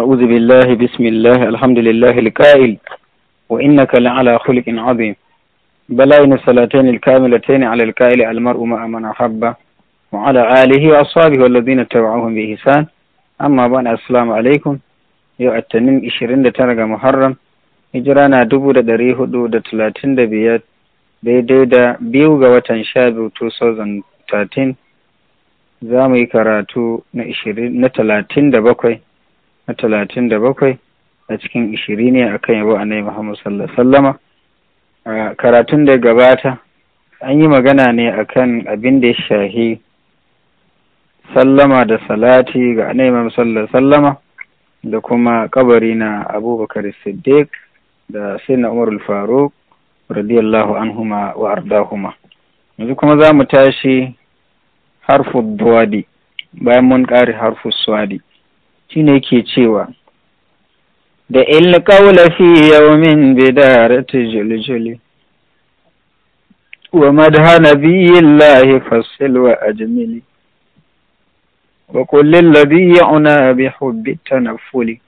أعوذ بالله بسم الله الحمد لله الكائل وإنك لعلى خلق عظيم بلاين الصلاتين الكاملتين على الكائل المرء مع من أحبه وعلى آله وأصحابه والذين اتبعوهم بإحسان أما بعد السلام عليكم yau attanin 29 ga Muharram, hijira na 435 daidai da biyu ga watan 12 2013 زامي mu yi karatu na na talatin da bakwai a cikin ishiri ne a kan yabo annabi Muhammad sallallahu sallama a karatun da gabata an yi magana ne akan abin da ya shahi sallama da salati ga annabi Muhammad sallallahu sallama da kuma kabari na Abubakar Siddiq da Sayyidina Umar al-Faruq radiyallahu anhuma wa ardahuma yanzu kuma za mu tashi harfu duwadi bayan mun ƙare harfu suwadi ne ke cewa da ilkaula fi bidara ta juljuli wa madha nabiyillahi fassil wa ajmili wa qul ladhi ya'una bi hubbi tanaffuli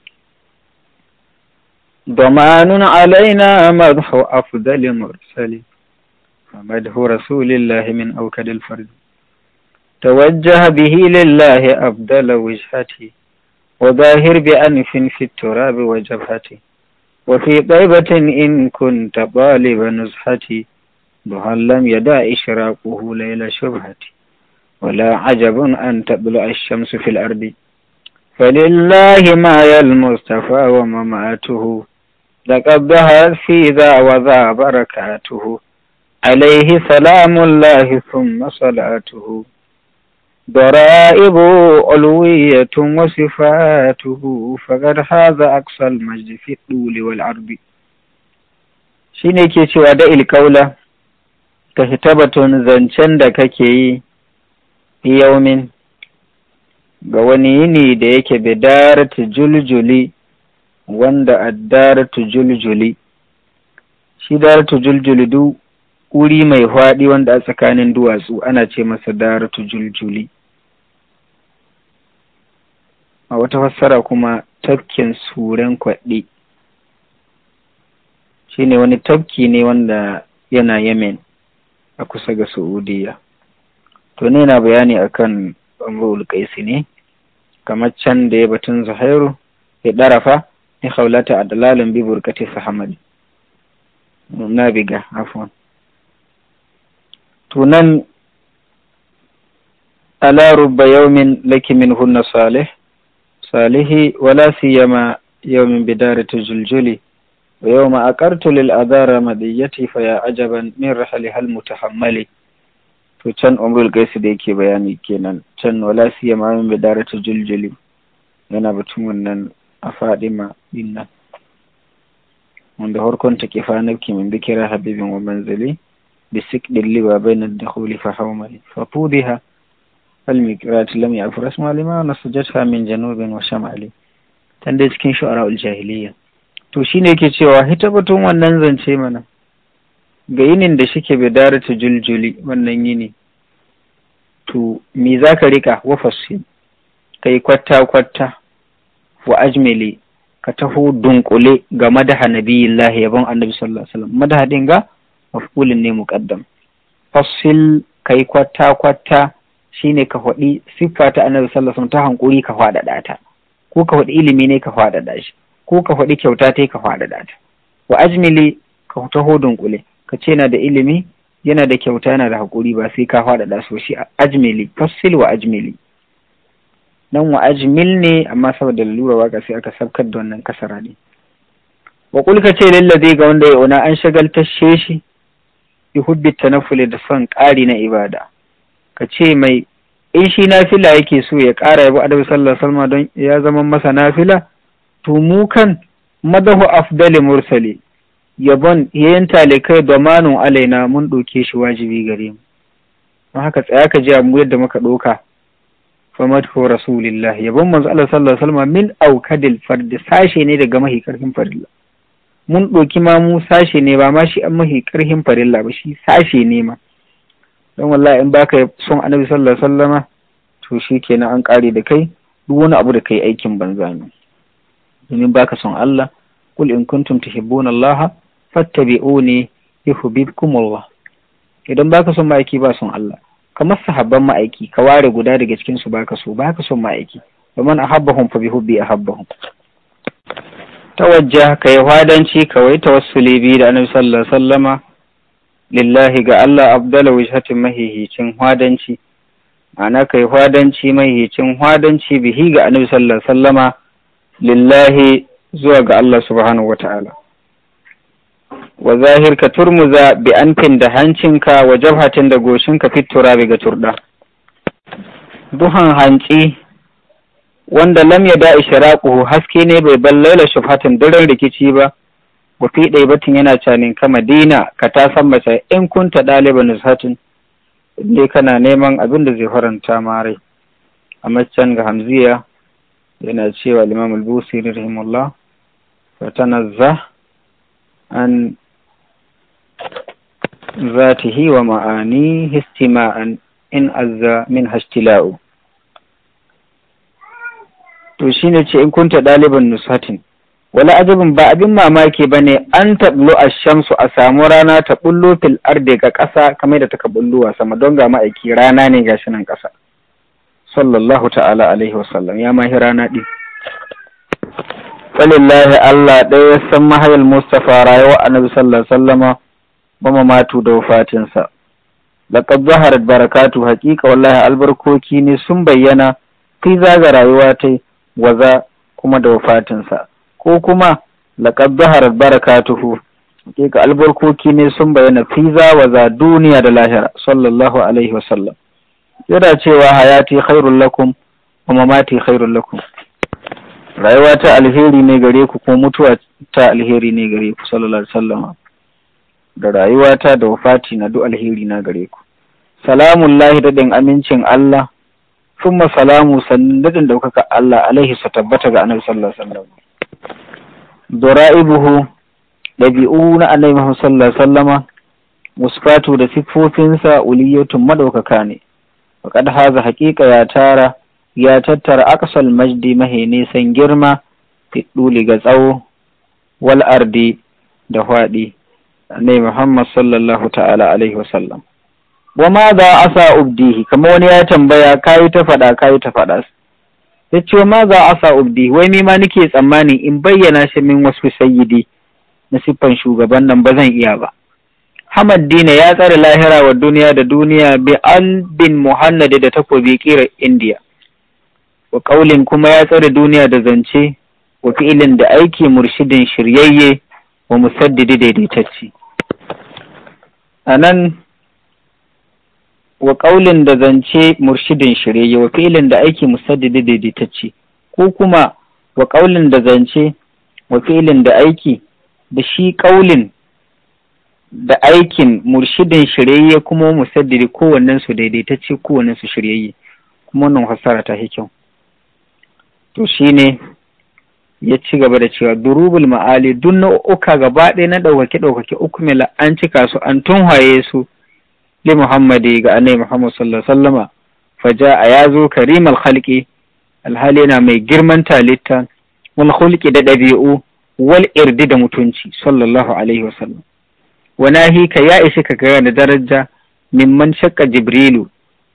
ضمان علينا مدح أفضل مرسل ومدح رسول الله من أوكد الفرد توجه به لله أفضل وجهته وباهر بأنف في التراب وجبهتي وفي طيبة إن كنت طالب نزحتي ضحى لم يدع إشراقه ليل شبهتي ولا عجب أن تبلع الشمس في الأرض فلله ما يا المصطفى ومماته لقد ذهب في ذا وذا بركاته عليه سلام الله ثم صلاته ضرائب علوية وصفاته فقد حاز أقصى المجد في الطول والعرض shine ke cewa da ilkaula ka fita batun zancen da kake yi yaumin ga wani yini da yake bidar juljuli wanda addar juljuli shi dar juljuli du wuri mai faɗi wanda a tsakanin duwatsu ana ce masa dar juljuli a wata fassara kuma tafkin suran kwaɗe shine wani tafki ne wanda yana yemen a kusa ga saudiya to ne na bayani akan amrul kaisi ne kamar can da ya batun zuhairu ya ɗarafa ya haulata a dalalin bi burkati hamadi na biga afon tunan alarubba yaumin laki min hunna salih الصالح ولا سيما يوم بدارة الجلجل ويوم أقرت للأذار ajaban فيا عجبا من رحلها المتحمل to can umrul gaisu da yake bayani kenan can wala siya ma min bidaratu juljuli yana batun wannan a fadima dinnan. nan wanda harkon ta kifa nafki min bikira habibin wa manzili bisik dilli wa bainar da huli fa haumali fa fudiha الميقات لم يعرف رسمها لما نسجتها min janubin wa shamali cikin shu'ara'ul jahiliya to shine yake cewa hita batun wannan zance mana ga yinin da shike bidara ta juljuli wannan yini to me za ka rika wa fassi ka yi kwatta-kwatta wa ajmili ka taho dunkule ga madaha nabiyillahi yabon annabi sallallahu alaihi wasallam madaha din ga mafulin ne muqaddam fassil kai kwatta-kwatta shine ka faɗi siffa ta annabi sallallahu ta hankuri ka faɗaɗa ta ko ka faɗi ilimi ne ka faɗaɗa shi ko ka faɗi kyauta ta ka faɗaɗa ta wa ajmili ka taho dunkule ka ce na da ilimi yana da kyauta yana da hakuri ba sai ka faɗaɗa so shi ajmili fasil wa ajmili nan wa ajmil ne amma saboda lura waka sai aka sabkar da wannan kasara ne wa ka ce zai ga wanda ya ona an shagaltashe shi bi hubbi tanafuli da son ƙari na ibada ka ce mai in shi nafila yake so ya ƙara bi adabi sallallahu alaihi don ya zama masa nafila to mu kan madahu afdali mursali yabon yayin talikai da manun alaina mun ɗauke shi wajibi gare mu don haka tsaya ka ji mu yadda muka ɗauka famadhu rasulillah yabon manzo Allah sallallahu alaihi min aukadil fardi sashe ne daga mahi karfin farilla mun ɗauki ma mu sashe ne ba ma shi an mahi karfin farilla ba shi sashe ne ma don walla in baka son annabi sallallahu alaihi wasallama to shikenan an kare da kai duk wani abu da kai aikin banza ne domin baka son Allah kul in kuntum tuhibbuna Allah fattabi'uni yuhibbukum Allah idan baka son ma'aiki ba son Allah kamar sahabban ma'aiki ka ware guda daga cikin su baka so baka son ma'aiki man ahabbahum fa bihubbi ahabbahum tawajja kai wadanci kawai tawassuli bi da annabi sallallahu alaihi wasallama lillahi ga Allah abdala wijhatin mahihicin hwadanci ana kai hwadanci mahihicin hwadanci bihi ga annabi sallallahu alaihi wasallama lillahi zuwa ga Allah subhanahu wata'ala wa zahir ka turmuza bi anfin da hancinka wa jabhatin da goshinka fitura bi ga turda duhan hanci wanda lam ya da ishraquhu haske ne bai ballaila shubhatin daren rikici ba wa fi batun yana canin ka madina ka ta san mace in kunta ɗaliban nushatin ne kana neman abin da zai faranta mare a macen ga hamziya yana cewa limam al-busi rahimullah fa tanazza an wa ومعانيه استماعا in azza min hashtila'u to shine ce in kunta ɗaliban nusatin wala ajabin ba abin mamaki ba ne an taɓlo a shamsu a samu rana ta ɓullo fil arde ga ƙasa kamar da taka ɓullo a sama don ga ma'aiki rana ne ga shi nan ƙasa sallallahu ta'ala alaihi wasallam ya mahi rana ɗin falillahi Allah ɗaya ya san mahayal Mustapha rayuwa annabi sallallahu alaihi wasallama ba matu da wafatinsa laqad zaharat barakatu haqiqa wallahi albarkoki ne sun bayyana kai zaga rayuwa tai waza kuma da wafatinsa ko kuma laqad zaharat barakatuhu hakika albarkoki ne sun bayyana fiza wa za duniya da lahira sallallahu alaihi wa sallam. yana cewa hayati khairul lakum wa mamati khairul lakum rayuwa ta alheri ne gare ku ko mutuwa ta alheri ne gare ku sallallahu alaihi wasallam da rayuwa ta da wafati na duk alheri na gare ku salamun lahi daɗin amincin Allah summa salamu sannan daɗin ɗaukaka Allah alaihi su tabbata ga annabi sallallahu alaihi wasallam dara'ibuhu dabi'u na annabi Muhammad sallallahu alaihi wasallama musfatu da siffofinsa uliyatun madaukaka ne faqad haza haqiqa ya tara ya tattara aksal majdi mahe nisan girma fiɗuli ga tsawo wal ardi da fadi annabi Muhammad sallallahu ta'ala alaihi wasallam wa ma za asa ubdihi kamar wani ya tambaya kai ta faɗa kai ta faɗa ya ce ma za a sa ubdi wai nima ma nake tsammanin in bayyana shi min wasu sayyidi na siffan shugaban nan ba zan iya ba Hamad Dina ya tsare lahira wa duniya da duniya bi al bin da takobi kira India wa kaulin kuma ya tsare duniya da zance wa fi'ilin da aiki murshidin shiryayye wa musaddidi daidaitacci a nan wa ƙaulin da zance murshidin shirye wa filin da aiki musaddidi daidaitacce ko kuma wa ƙaulin da zance wa filin da aiki da shi ƙaulin da aikin murshidin shirye kuma musaddidi kowannen su daidaitacce kowannen su shirye kuma wannan hasara ta kyau to shine ya ci gaba da cewa durubul ma'ali duk uka gaba ɗaya na ɗaukake ɗaukake uku an cika su an tunhaye su li muhammadi ga annabi muhammad sallallahu alaihi wasallama faja a yazo karimal khalqi alhali na mai girman talitta wal khulqi da dabi'u wal irdi da mutunci sallallahu alaihi wasallam wa ya ishi ka ga da daraja mimman shakka jibrilu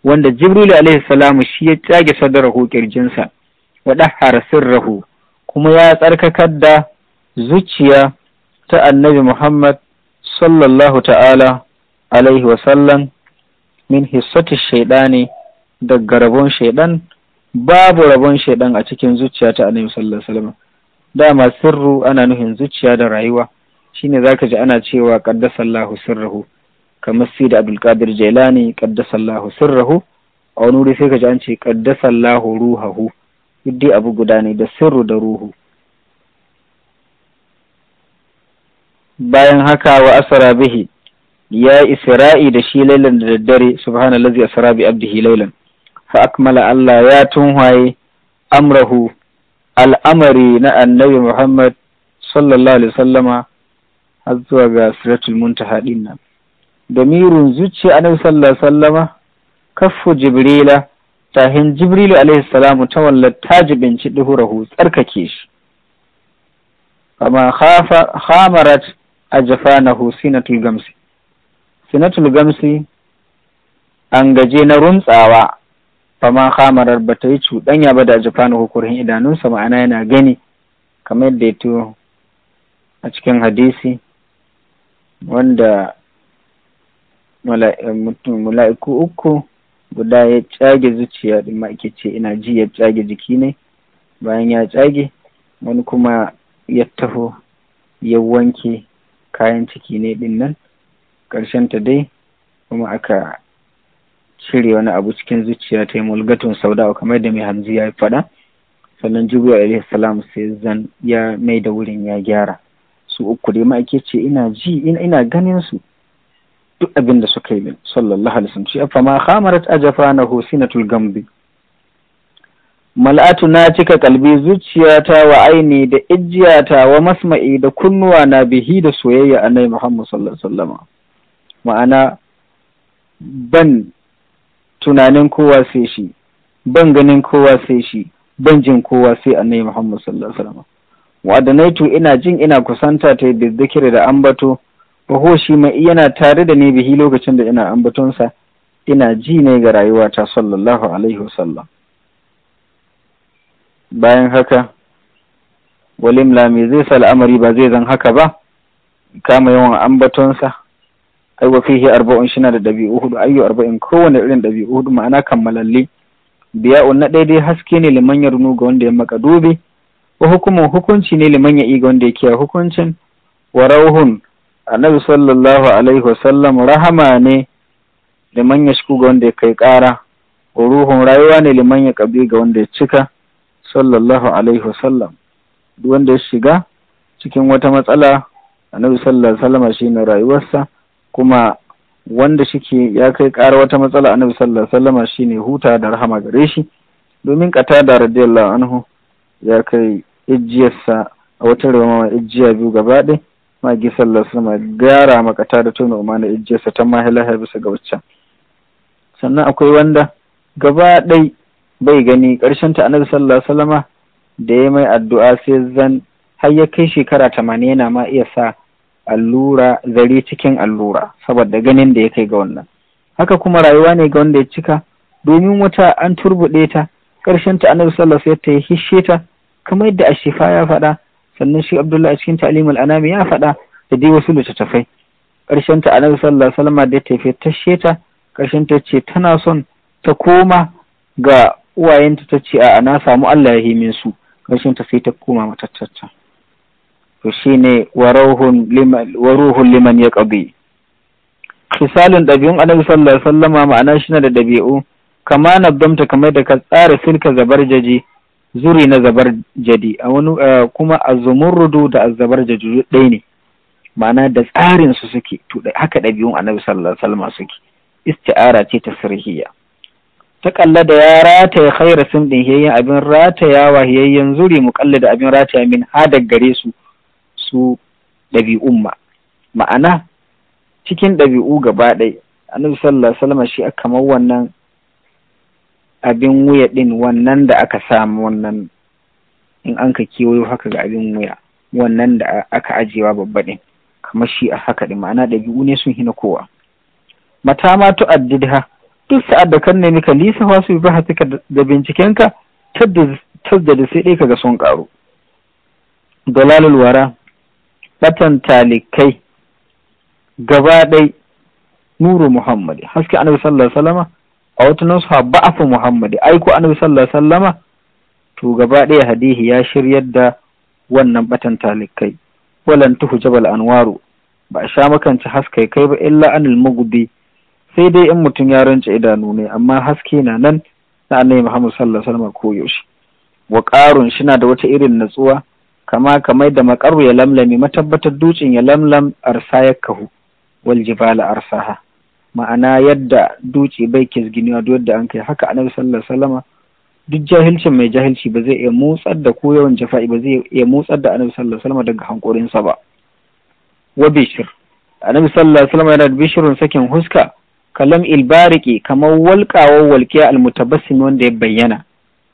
wanda jibrilu alaihi shi ya tsage sadarahu kirjinsa wa dahhara sirrahu kuma ya tsarkakar da zuciya ta annabi muhammad sallallahu ta'ala alaihi wasallam min hissati shaidani daga rabon shaidan babu rabon shaidan a cikin zuciya ta annabi sallallahu alaihi wasallam dama sirru ana nuhin zuciya da rayuwa shine zaka ji ana cewa qaddasallahu sirruhu kamar sida abdul qadir jailani qaddasallahu sirruhu a wani wuri sai ka ji an ce qaddasallahu ruhahu duk abu guda ne da sirru da ruhu bayan haka wa asara bihi ya isra'i da shi lailan da daddare subhana subhanallazi asra bi abdihi lailan fa akmala Allah ya tunwaye amrahu al'amari na annabi Muhammad sallallahu alaihi sallama har zuwa ga siratul muntaha din nan damirun zuci annabi sallallahu alaihi sallama kaffu jibrila tahin jibrilu alaihi salamu ta wallata jibinci duhurahu tsarkake shi kama khamarat ajfanahu sinatul gamsi sinatul gamsi an gaje na runtsawa fama hamarar ba ta yi cuɗanya ba da jafanu hukurin idanunsa ma'ana yana gani kamar yadda ya a cikin hadisi wanda mala'iku uku guda ya tsage zuciya ɗin ake ce ina ji ya tsage jiki ne bayan ya tsage wani kuma ya taho ya wanke kayan ciki ne ɗin nan ta dai kuma aka cire wani abu cikin zuciya ta yi mulgatun saudawa kamar da mai hamzi ya faɗa sannan jibril alaihi salam sai zan ya mai da wurin ya gyara su uku dai ake ce ina ji ina ganin su duk abin da suka yi min sallallahu alaihi wasallam shi fa ma khamarat ajfanahu sinatul gambi mal'atu na cika kalbi zuciyata wa aini da ijiyata wa masma'i da kunnuwa na bihi da soyayya annabi Muhammad sallallahu alaihi wasallam ma'ana ban tunanin kowa sai shi ban ganin kowa sai shi ban jin kowa sai annabi Muhammad sallallahu alaihi wasallam wa ina jin ina kusanta ta da zikiri da ambato baho shi mai yana tare da ni bihi lokacin da ina ambatonsa ina ji ne ga rayuwata sallallahu alaihi wasallam bayan haka walimla me zai sa ba zai zan haka ba kama yawan ambatonsa ai wa fihi arba'un shina da dabi'u hudu ayyu arba'in kowane irin dabi'u hudu ma'ana kammalalle biya'un na daidai haske ne liman ya runu ga wanda ya maka dubi wa hukumun hukunci ne liman ya iga wanda ya kiya hukuncin wa rauhun annabi sallallahu alaihi wa sallam rahama ne liman ya shiku ga wanda ya kai kara wa ruhun rayuwa ne liman ya kabi ga wanda ya cika sallallahu alaihi wa sallam duk wanda ya shiga cikin wata matsala annabi sallallahu alaihi wa sallama shine rayuwarsa kuma wanda shike ya kai ƙara wata matsala annabi sallallahu alaihi wasallama shine huta da rahama gare shi domin da radiyallahu anhu ya kai ijiyarsa a wata ma ijiya biyu gaba ma gi sallallahu alaihi wasallama gara makata da tuna umma na ijiyarsa ta mahilaha bisa ga waccan sannan akwai wanda gaba ɗai bai gani ƙarshen ta annabi sallallahu alaihi wasallama da ya mai addu'a sai zan har ya kai shekara tamanin yana ma iya sa allura zare cikin allura saboda ganin da ya kai ga wannan haka kuma rayuwa ne ga wanda ya cika domin wata an turbuɗe ta ƙarshen ta annabi sallallahu alaihi wasallam ya hishe ta kamar yadda ashifa ya faɗa sannan shi abdullahi cikin al anami ya faɗa da dai wasu littattafai ƙarshen ta annabi sallallahu alaihi wasallam da ya tafi ta ta, ƙarshen ta ce tana son ta koma ga uwayenta ta ce a'a na samu Allah ya himin su ƙarshen ta sai ta koma matattacen to shi ne wa waruhun liman ya qabi misalin ɗabi'un annabi sallallahu alaihi ma'ana shi da ɗabi'u kama na damta kamar da ka tsara silka jaji, zuri na jadi, a wani kuma azumurrudu da zabar jaji ɗaya ne ma'ana da tsarin su suke to haka ɗabi'un annabi sallallahu alaihi suke isti'ara ce ta sirhiya ta kalla da ya rataya khaira sun ɗin hiyayyen abin wa hiyayyen zuri mu da abin rataya min hadar gare su Su ɗabi'un ma ma'ana cikin ɗabi'u gaba ɗaya annabi sallallahu alaihi wasallam shi kamar wannan abin wuya ɗin wannan da aka samu wannan in an ka kewayo haka ga abin wuya wannan da aka ajiyewa babba ɗin kamar shi a haka ɗin ma'ana ɗabi'u ne sun hina kowa mata ma tu addidha duk sa'ad da kan nemi ka lisa wasu ba ka da bincikenka tadda da sai ka kaga sun ƙaru dalalul wara batan talikai gaba ɗai nuru muhammadi haske annabi sallallahu alaihi wasallama a wata nasuha ba'afu muhammadi aiko annabi sallallahu alaihi wasallama to gaba ɗaya hadihi ya shiryar da wannan batan talikai walan tuhu jabal anwaru ba a sha makanci haske kai ba illa anil mugudi sai dai in mutum ya rance idanu ne amma haske na nan na annabi muhammad sallallahu alaihi wasallama ko yaushe wa ƙarun shi na da wata irin natsuwa kama kamai da makaru ya lamlami matabbatar dutsen ya lamlam arsa ya kahu wal jibala arsaha ma'ana yadda dutse bai ke duk yadda an kai haka annabi sallallahu alaihi wasallama duk jahilcin mai jahilci ba zai iya motsar da ko yawan jafa'i ba zai iya motsar da annabi sallallahu alaihi wasallama daga sa ba wa bishir annabi sallallahu alaihi wasallama yana da bishirun sakin huska kalam ilbariki kamar walƙawar walƙiya almutabassim wanda ya bayyana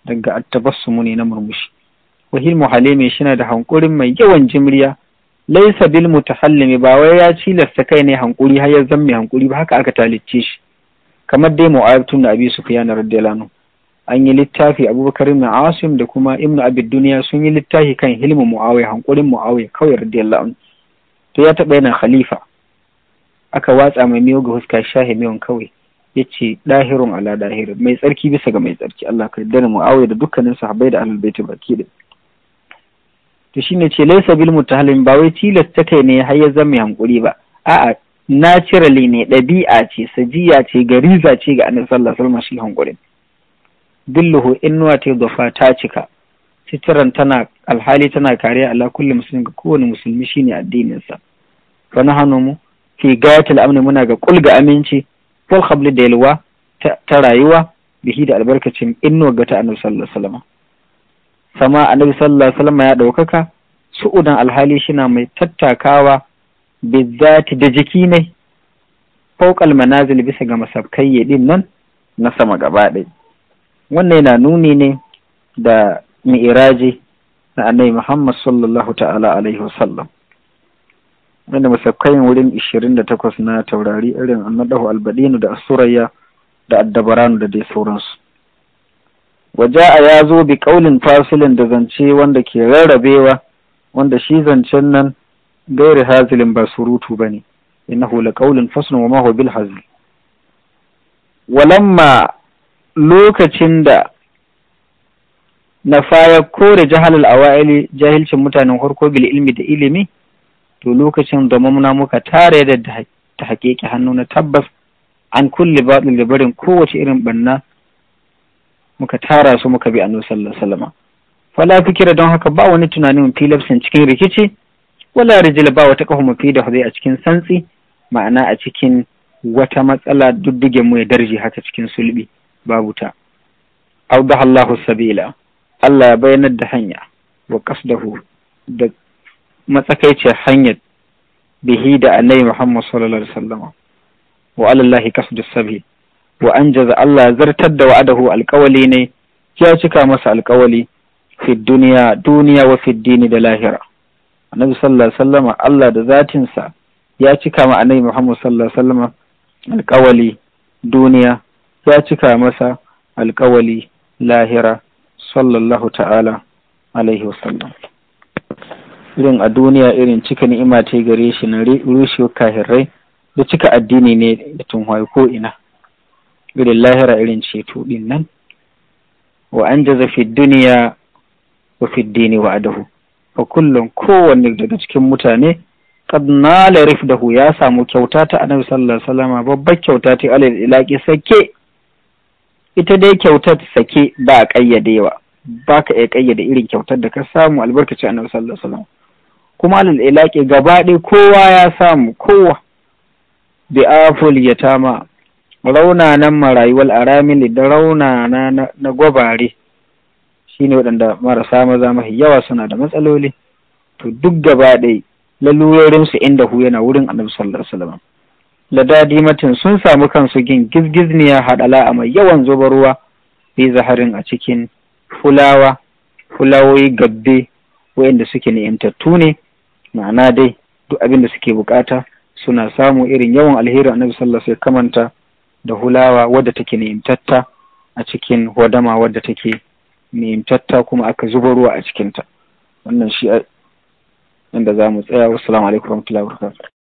daga attabassumu ne na murmushi wahil muhalimi shine da hankurin mai yawan jimriya laisa bil mutahallimi ba wai ya cilasta kai ne hankuri har ya zan hankuri ba haka aka talicce shi kamar dai mu'ayyab tun da abi sufyan radiyallahu an yi littafi abubakar ibn asim da kuma ibnu abid duniya sun yi littafi kan hilmu muawiya hankurin muawiya kawai radiyallahu to ya taɓa yana khalifa aka watsa mai miyo ga huska shahi miyon kawai ya ce ala ɗahir mai tsarki bisa ga mai tsarki Allah ka yarda da mu'awiya da dukkanin sahabbai da ahlul baiti baki da to shi ne ce laisa bil mutahallim ba wai tilasta kai ne har ya zama hankuri ba a'a naturally ne ɗabi'a ce sajiya ce gariza ce ga annabi sallallahu alaihi wasallam shi hankurin dilluhu innuwa ta gafa ta cika sitiran tana alhali tana kariya Allah kulli muslim ga kowane musulmi shine addinin sa fa hanu mu fi gayatil amni muna ga kulga aminci kul khabli da yalwa ta rayuwa bihi da albarkacin innuwa ga ta annabi sallallahu alaihi wasallam sama annabi sallallahu alaihi wasallam ya ɗaukaka su'udan alhali shina mai tattakawa bizati da jiki ne fauƙal manazil bisa ga masabkai din nan na sama gaba ɗaya wannan yana nuni ne da mi'iraji na annabi Muhammad sallallahu ta'ala alaihi wasallam wanda masabkai wurin 28 na taurari irin annadahu albadinu da asuraya da addabaranu da dai sauransu a ya zo bi ƙaunin fasilin da zance wanda ke rarrabewa wanda shi zancen nan gairi hazilin ba surutu ba ne ina hula ƙaunin fasilin wa maho bil hazil walamma lokacin da na faya kore jahalal awa'ili jahilcin mutanen harko bil ilmi da ilimi to lokacin da mamuna muka tare da ta haƙiƙi hannu na tabbas an kulle baɗin da barin kowace irin ɓanna muka tara su muka bi annabi sallallahu alaihi wasallam fala fikira don haka ba wani tunanin filafsin cikin rikici wala rijila ba wata kahu mafi da a cikin santsi ma'ana a cikin wata matsala duddige mu ya darji haka cikin sulbi babu ta awdaha Allahu sabila Allah ya bayyana da hanya wa qasdahu da matsakaice hanyar bihi da annabi Muhammad sallallahu alaihi wasallam wa alallahi qasdus sabil wa Allah zartar da wa'adahu alƙawali ne ya cika masa alƙawali fi duniya duniya wa fi dini da lahira annabi sallallahu alaihi wasallam Allah da zatinsa ya cika ma annabi Muhammad sallallahu alaihi wasallam alƙawali duniya ya cika masa alƙawali lahira sallallahu ta'ala alaihi wasallam irin a duniya irin cika ni'ima ta gare shi na rushe kahirrai da cika addini ne da tunwaye ko ina irin lahira irin ceto din nan wa an jaza fi duniya wa fi dini wa adahu A kullum kowanne daga cikin mutane qad nala rifdahu ya samu kyauta ta annabi sallallahu alaihi wasallam babbar kyauta ta alil ilaki sake ita dai kyautar sake ba a kayyadewa ba ka iya kayyade irin kyautar da ka samu albarkacin annabi sallallahu alaihi wasallam kuma alil ilaki gaba ɗaya kowa ya samu kowa bi aful yatama raunanan marayuwar aramili da raunana na gwabare shine waɗanda marasa maza mafi yawa suna da matsaloli to duk gaba ɗai lalurorinsu inda hu yana wurin annabi sallallahu alaihi wasallam ladadi matin sun samu kansu gin gizgizniya haɗala a mai yawan zuba ruwa bi zaharin a cikin fulawa fulawoyi gabbe wayanda suke ni'imtattu ne ma'ana dai duk abin da suke bukata suna samu irin yawan alheri annabi sallallahu alaihi wasallam kamanta da hulawa wadda take nemtatta a cikin wadama wadda take nemtatta kuma aka zuba ruwa a cikinta wannan shi inda za mu tsaya wasu alaikum warahmatullahi wabarakatuh